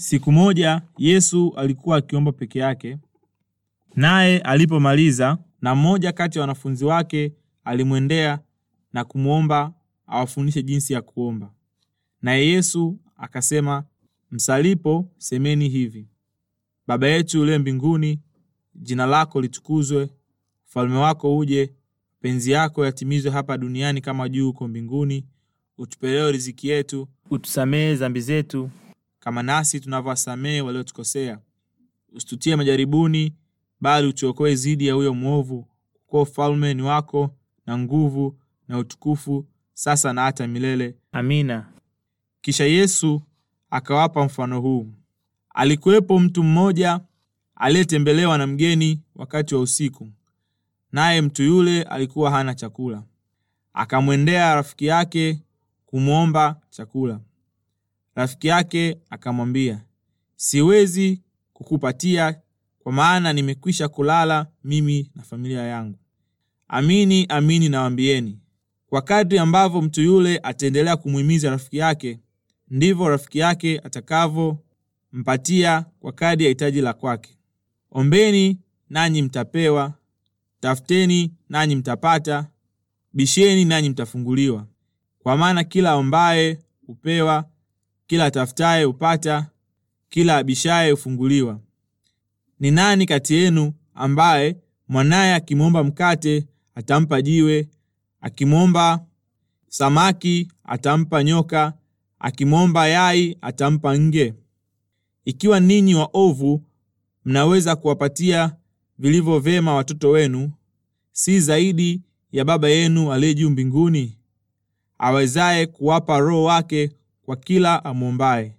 Siku moja Yesu alikuwa akiomba peke yake, naye alipomaliza, na mmoja kati ya wanafunzi wake alimwendea na kumwomba awafundishe jinsi ya kuomba. Naye Yesu akasema, msalipo semeni hivi: Baba yetu uliye mbinguni, jina lako litukuzwe, ufalume wako uje, mapenzi yako yatimizwe hapa duniani kama juu uko mbinguni. utupelewe riziki yetu, utusamehe zambi zetu kama nasi tunavyowasamehe waliotukosea, usitutie majaribuni, bali utuokoe zidi ya huyo mwovu, kwa ufalme ni wako na nguvu na utukufu, sasa na hata milele. Amina. Kisha Yesu akawapa mfano huu: alikuwepo mtu mmoja aliyetembelewa na mgeni wakati wa usiku, naye mtu yule alikuwa hana chakula. Akamwendea rafiki yake kumwomba chakula. Rafiki yake akamwambia, siwezi kukupatia kwa maana nimekwisha kulala mimi na familia yangu. Amini amini nawaambieni, kwa kadri ambavyo mtu yule ataendelea kumhimiza rafiki yake, ndivyo rafiki yake atakavyompatia kwa kadri ya hitaji la kwake. Ombeni nanyi mtapewa, tafuteni nanyi mtapata, bisheni nanyi mtafunguliwa. Kwa maana kila ombaye hupewa, kila atafutaye hupata, kila abishaye hufunguliwa. Ni nani kati yenu ambaye mwanaye akimwomba mkate atampa jiwe, akimwomba samaki atampa nyoka, akimwomba yai atampa nge? Ikiwa ninyi waovu mnaweza kuwapatia vilivyo vyema watoto wenu, si zaidi ya Baba yenu aliye juu mbinguni awezaye kuwapa Roho wake kwa kila amwombaye.